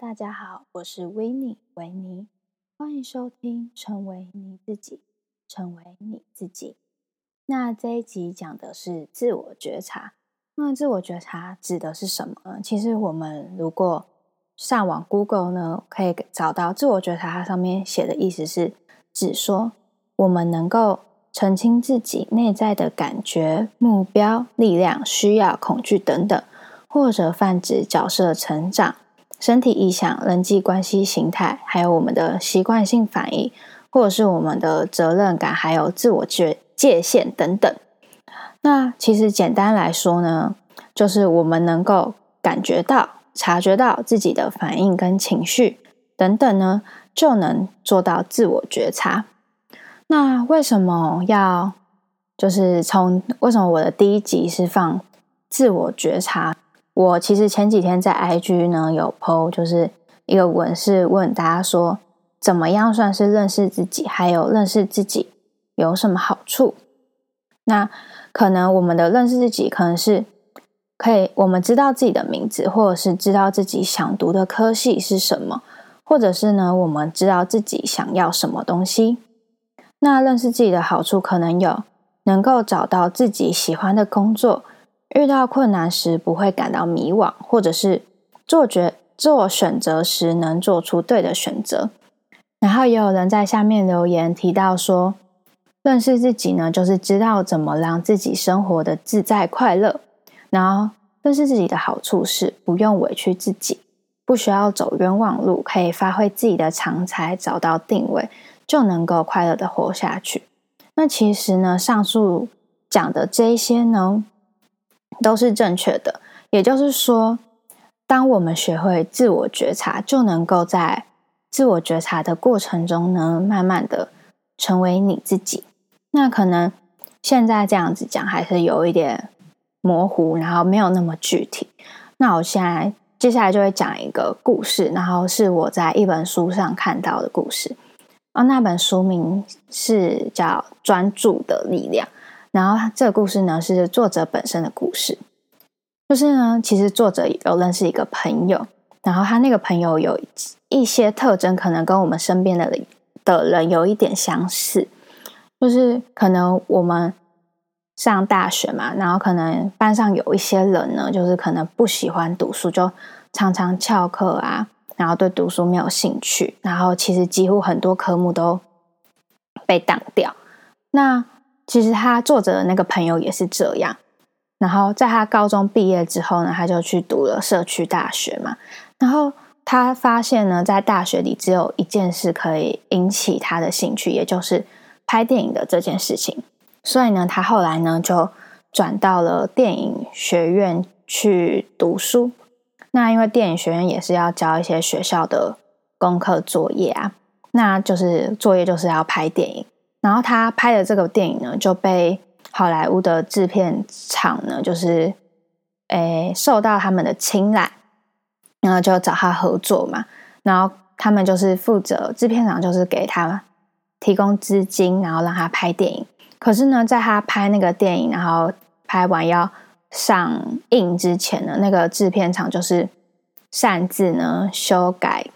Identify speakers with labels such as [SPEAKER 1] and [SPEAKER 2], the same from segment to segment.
[SPEAKER 1] 大家好，我是維尼維尼，歡迎收聽《成為你自己》，成為你自己。那這一集講的是自我覺察。那自我覺察指的是什麼呢？其實我們如果上網 Google 呢，可以找到自我覺察。它上面寫的意思是，指說我們能夠澄清自己內在的感覺、目標、力量、需要、恐懼等等，或者泛指角色成長。身體意象、人際關係形態，還有我們的習慣性反應，或者是我們的責任感，還有自我覺界限等等。那其實簡單來說呢，就是我們能夠感覺到、察覺到自己的反應跟情緒等等呢，就能做到自我覺察。那為什麼要，就是從，為什麼我的第一集是放自我覺察？我其實前幾天在 IG 呢有 PO，就是一個文是問大家說，怎麼樣算是認識自己？還有認識自己有什麼好處？那可能我們的認識自己可能是可以，我們知道自己的名字，或者是知道自己想讀的科系是什麼，或者是呢，我們知道自己想要什麼東西。那認識自己的好處可能有，能夠找到自己喜歡的工作。遇到困難時不會感到迷惘，或者是做決做選擇時能做出對的選擇。然後也有人在下面留言提到說，認識自己呢，就是知道怎麼讓自己生活的自在快樂。然後認識自己的好處是不用委屈自己，不需要走冤枉路，可以發揮自己的長才，找到定位，就能夠快樂的活下去。那其實呢，上述講的這一些呢，都是正確的，也就是說，當我們學會自我覺察，就能夠在自我覺察的過程中呢，慢慢的成為你自己。那可能現在這樣子講還是有一點模糊，然後沒有那麼具體。那我現在接下來就會講一個故事，然後是我在一本書上看到的故事啊，那本書名是叫《專注的力量》。然後這個故事呢，是作者本身的故事，就是呢，其實作者有認識一個朋友，然後他那個朋友有一些特徵，可能跟我們身邊的的人有一點相似，就是可能我們上大學嘛，然後可能班上有一些人呢，就是可能不喜歡讀書，就常常翹課啊，然後對讀書沒有興趣，然後其實幾乎很多科目都被擋掉，那。其實他作者的那個朋友也是這樣，然後在他高中畢業之後呢，他就去讀了社區大學嘛，然後他發現呢，在大學裡只有一件事可以引起他的興趣，也就是拍電影的這件事情，所以呢，他後來呢，就轉到了電影學院去讀書。那因為電影學院也是要交一些學校的功課作業啊，那就是作業就是要拍電影。然後他拍的這個電影呢，就被好萊塢的製片廠呢，就是誒受到他們的青睞，然後就找他合作嘛。然後他們就是負責製片廠，就是給他提供資金，然後讓他拍電影。可是呢，在他拍那個電影，然後拍完要上映之前呢，那個製片廠就是擅自呢修改，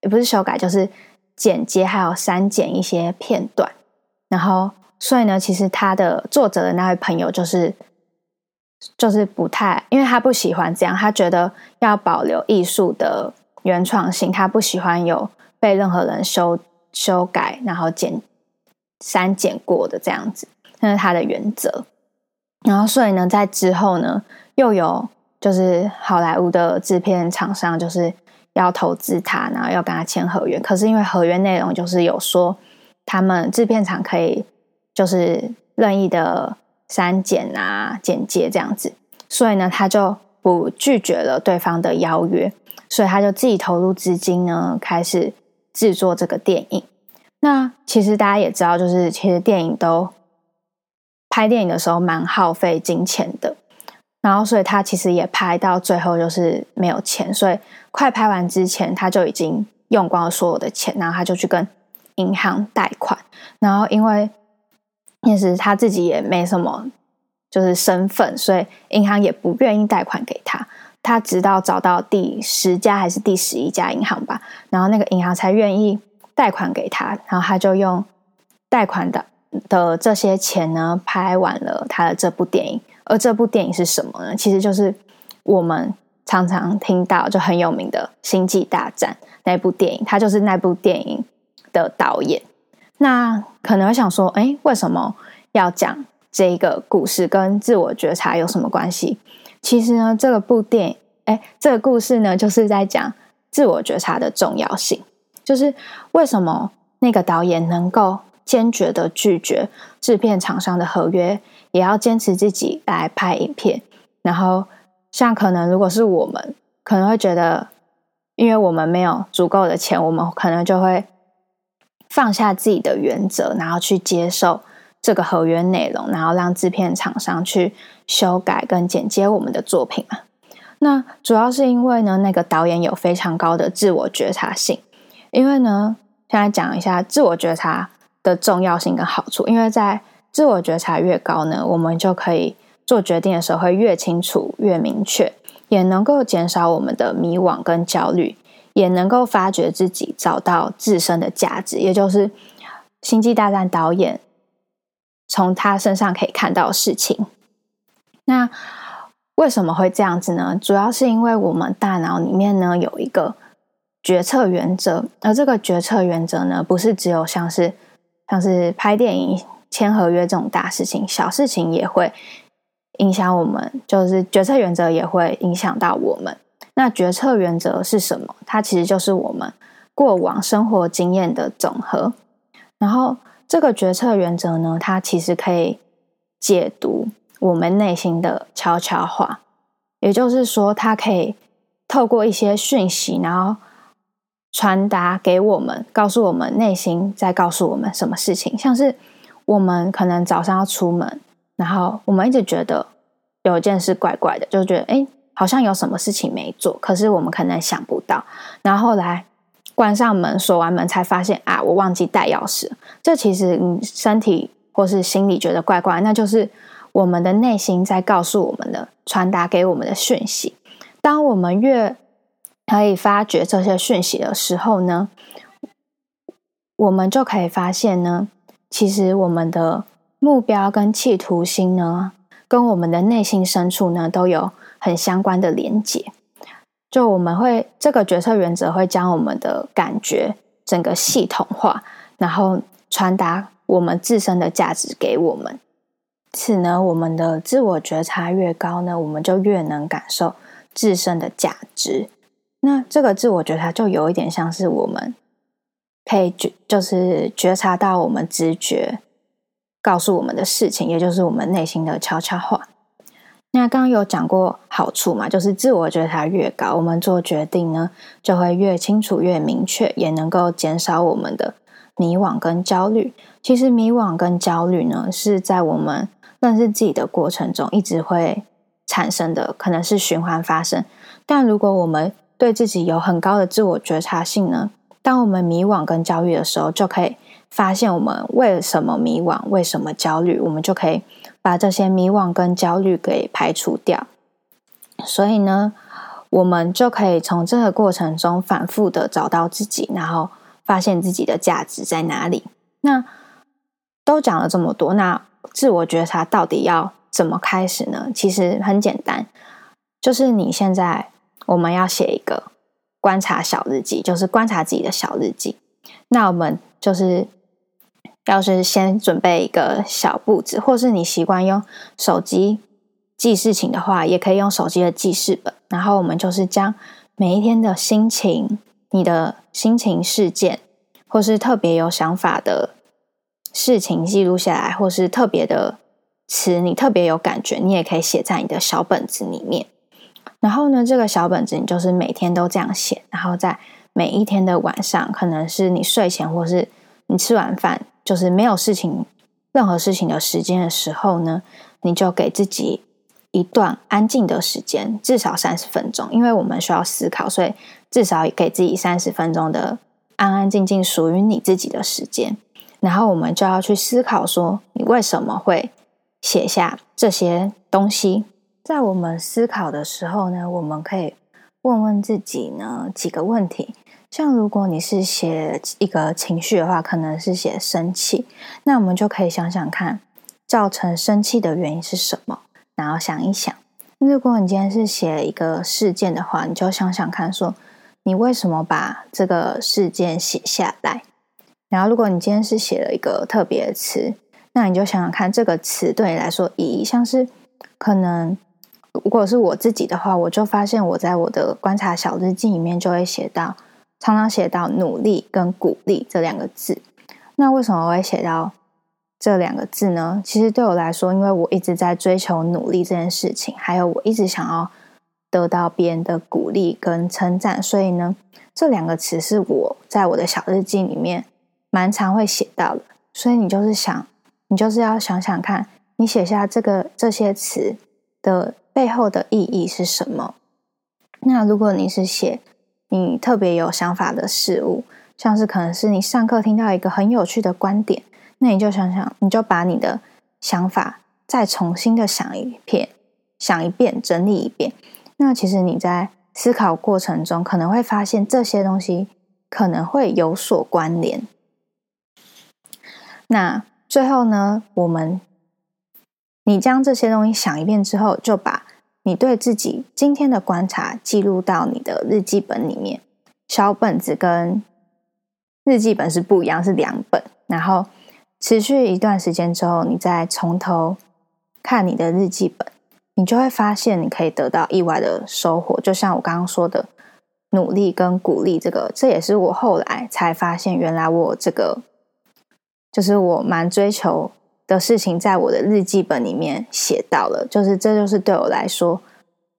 [SPEAKER 1] 也不是修改，就是剪接還有刪減一些片段。然後，所以呢，其實他的作者的那位朋友就是，就是不太，因為他不喜歡這樣，他覺得要保留藝術的原創性，他不喜歡有被任何人修修改然後剪刪減過的這樣子，那是他的原則。然後，所以呢，在之後呢，又有就是好萊塢的制片廠商就是要投資他，然後要跟他簽合約，可是因為合約內容就是有說。他們制片廠可以就是任意的刪減啊、剪接這樣子，所以呢，他就不拒絕了對方的邀約，所以他就自己投入資金呢，開始制作這個電影。那其實大家也知道，就是其實電影都拍電影的時候蠻耗費金錢的，然後所以他其實也拍到最後就是沒有錢，所以快拍完之前他就已經用光了所有的錢，然後他就去跟。銀行貸款，然後因為那時他自己也沒什麼就是身份，所以銀行也不願意貸款給他。他直到找到第十家還是第十一家銀行吧，然後那個銀行才願意貸款給他。然後他就用貸款的的這些錢呢，拍完了他的這部電影。而這部電影是什麼呢？其實就是我們常常聽到就很有名的《星際大戰》那部電影，它就是那部電影的導演，那可能想說：“哎、欸，為什麼要講這個故事？跟自我覺察有什麼關係？”其實呢，這個部電影，哎、欸，這個故事呢，就是在講自我覺察的重要性。就是為什麼那個導演能夠堅決的拒絕制片廠商的合約，也要堅持自己來拍影片？然後，像可能如果是我們，可能會覺得，因為我們沒有足夠的錢，我們可能就會。放下自己的原則，然後去接受這個合約內容，然後讓制片廠商去修改跟剪接我們的作品啊，那主要是因為呢，那個導演有非常高的自我覺察性。因為呢，現在講一下自我覺察的重要性跟好處。因為在自我覺察越高呢，我們就可以做決定的時候會越清楚、越明確，也能夠減少我們的迷惘跟焦慮。也能夠發掘自己，找到自身的價值，也就是《星際大戰》導演從他身上可以看到事情。那為什麼會這樣子呢？主要是因為我們大腦裡面呢，有一個決策原則，而這個決策原則呢，不是只有像是像是拍電影、簽合約這種大事情，小事情也會影響我們，就是決策原則也會影響到我們。那決策原則是什麼？它其實就是我們過往生活經驗的總和。然後，這個決策原則呢，它其實可以解讀我們內心的悄悄話，也就是說，它可以透過一些訊息，然後傳達給我們，告訴我們內心在告訴我們什麼事情。像是我們可能早上要出門，然後我們一直覺得有一件事怪怪的，就覺得哎。誒好像有什麼事情沒做，可是我們可能想不到。然後，後來關上門，鎖完門才發現，啊，我忘記帶鑰匙。這其實，嗯，身體或是心裡覺得怪怪，那就是我們的內心在告訴我們的，傳達給我們的訊息。當我們越可以發掘這些訊息的時候呢，我們就可以發現呢，其實我們的目標跟企圖心呢，跟我們的內心深處呢，都有。很相關的連結，就我們會這個決策原則會將我們的感覺整個系統化，然後傳達我們自身的價值給我們。此呢，我們的自我覺察越高呢，我們就越能感受自身的價值。那這個自我覺察就有一點像是我們可以覺就是覺察到我們直覺告訴我們的事情，也就是我們內心的悄悄話。那剛剛有講過好處嘛，就是自我覺察越高，我們做決定呢就會越清楚、越明確，也能夠減少我們的迷惘跟焦慮。其實迷惘跟焦慮呢，是在我們認識自己的過程中一直會產生的，可能是循環發生。但如果我們對自己有很高的自我覺察性呢，當我們迷惘跟焦慮的時候，就可以發現我們為什麼迷惘，為什麼焦慮，我們就可以。把這些迷惘跟焦慮給排除掉，所以呢，我們就可以從這個過程中反覆的找到自己，然後發現自己的價值在哪裡。那都講了這麼多，那自我覺察到底要怎麼開始呢？其實很簡單，就是你現在我們要寫一個觀察小日記，就是觀察自己的小日記。那我們就是。要是先準備一個小本子，或是你習慣用手機記事情的話，也可以用手機的記事本。然後我們就是將每一天的心情、你的心情事件，或是特別有想法的事情記錄下來，或是特別的詞，你特別有感覺，你也可以寫在你的小本子裡面。然後呢，這個小本子你就是每天都這樣寫，然後在每一天的晚上，可能是你睡前或是你吃完飯。就是沒有事情、任何事情的時間的時候呢，你就給自己一段安靜的時間，至少三十分鐘。因為我們需要思考，所以至少給自己三十分鐘的安安靜靜屬於你自己的時間。然後我們就要去思考說，說你為什麼會寫下這些東西。在我們思考的時候呢，我們可以問問自己呢幾個問題。像如果你是寫一個情緒的話，可能是寫生氣，那我們就可以想想看，造成生氣的原因是什麼，然後想一想。如果你今天是寫一個事件的話，你就想想看說，說你為什麼把這個事件寫下來。然後，如果你今天是寫了一個特別的詞，那你就想想看，這個詞對你來說意義，像是可能，如果是我自己的話，我就發現我在我的觀察小日記裡面就會寫到。常常寫到努力跟鼓勵這兩個字，那為什麼我會寫到這兩個字呢？其實對我來說，因為我一直在追求努力這件事情，還有我一直想要得到別人的鼓勵跟稱讚，所以呢，這兩個詞是我在我的小日記裡面蠻常會寫到的。所以你就是想，你就是要想想看，你寫下這個這些詞的背後的意義是什麼？那如果你是寫。你特別有想法的事物，像是可能是你上課聽到一個很有趣的觀點，那你就想想，你就把你的想法再重新的想一遍，想一遍，整理一遍。那其實你在思考過程中，可能會發現這些東西可能會有所關聯。那最後呢，我們，你將這些東西想一遍之後，就把。你對自己今天的觀察記錄到你的日記本裡面，小本子跟日記本是不一樣，是兩本。然後持續一段時間之後，你再從頭看你的日記本，你就會發現你可以得到意外的收穫。就像我剛剛說的，努力跟鼓勵這個，這也是我後來才發現，原來我這個就是我蠻追求。的事情在我的日記本裡面寫到了，就是這就是對我來說，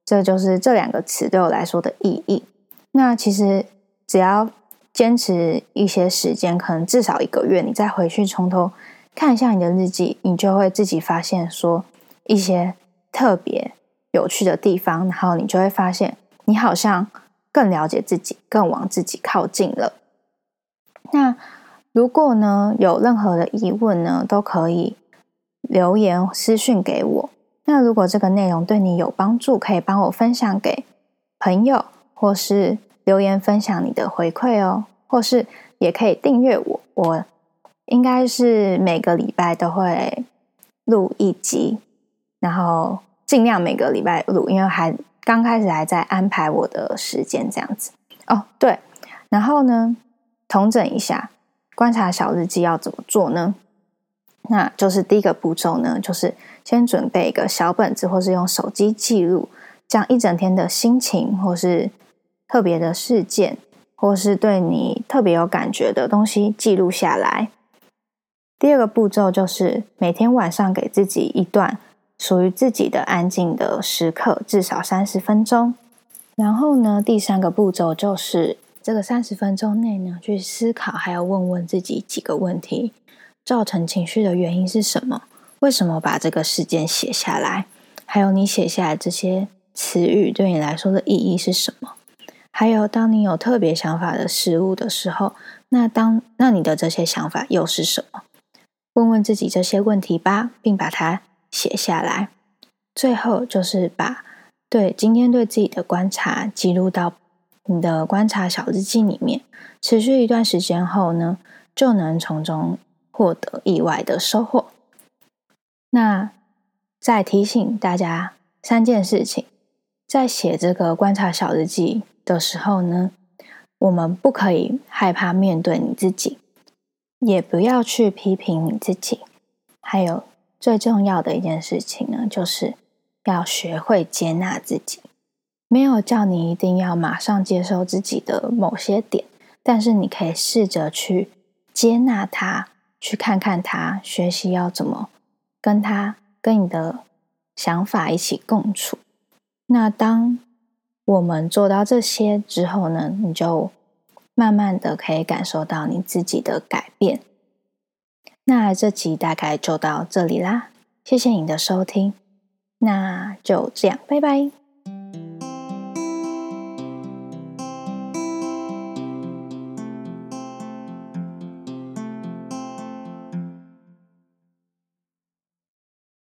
[SPEAKER 1] 這就是這兩個詞對我來說的意義。那其實只要堅持一些時間，可能至少一個月，你再回去從頭看一下你的日記，你就會自己發現說一些特別有趣的地方，然後你就會發現你好像更了解自己，更往自己靠近了。那如果呢，有任何的疑問呢，都可以。留言私訊給我。那如果這個內容對你有幫助，可以幫我分享給朋友，或是留言分享你的回饋哦。或是也可以訂閱我，我應該是每個禮拜都會錄一集，然後盡量每個禮拜錄，因為還剛開始還在安排我的時間這樣子。哦，對，然後呢，統整一下，觀察小日記要怎麼做呢？那就是第一個步驟呢，就是先準備一個小本子，或是用手機記錄，將一整天的心情，或是特別的事件，或是對你特別有感覺的東西記錄下來。第二個步驟就是每天晚上給自己一段屬於自己的安靜的時刻，至少三十分鐘。然後呢，第三個步驟就是這個三十分鐘內呢，去思考還要問問自己幾個問題。造成情緒的原因是什麼？為什麼把這個事件寫下來？還有，你寫下來這些詞語對你來說的意義是什麼？還有，當你有特別想法的事物的時候，那當那你的這些想法又是什麼？問問自己這些問題吧，並把它寫下來。最後，就是把對今天對自己的觀察記錄到你的觀察小日記裡面，持續一段時間後呢，就能從中。獲得意外的收穫。那，再提醒大家三件事情。在寫這個觀察小日記的時候呢，我們不可以害怕面對你自己，也不要去批評你自己。還有，最重要的一件事情呢，就是要學會接納自己。沒有叫你一定要馬上接受自己的某些點，但是你可以試着去接納它。去看看他，學習要怎麼跟他、跟你的想法一起共處。那當我們做到這些之後呢，你就慢慢的可以感受到你自己的改變。那這集大概就到這裡啦，謝謝你的收聽，那就這樣，拜拜。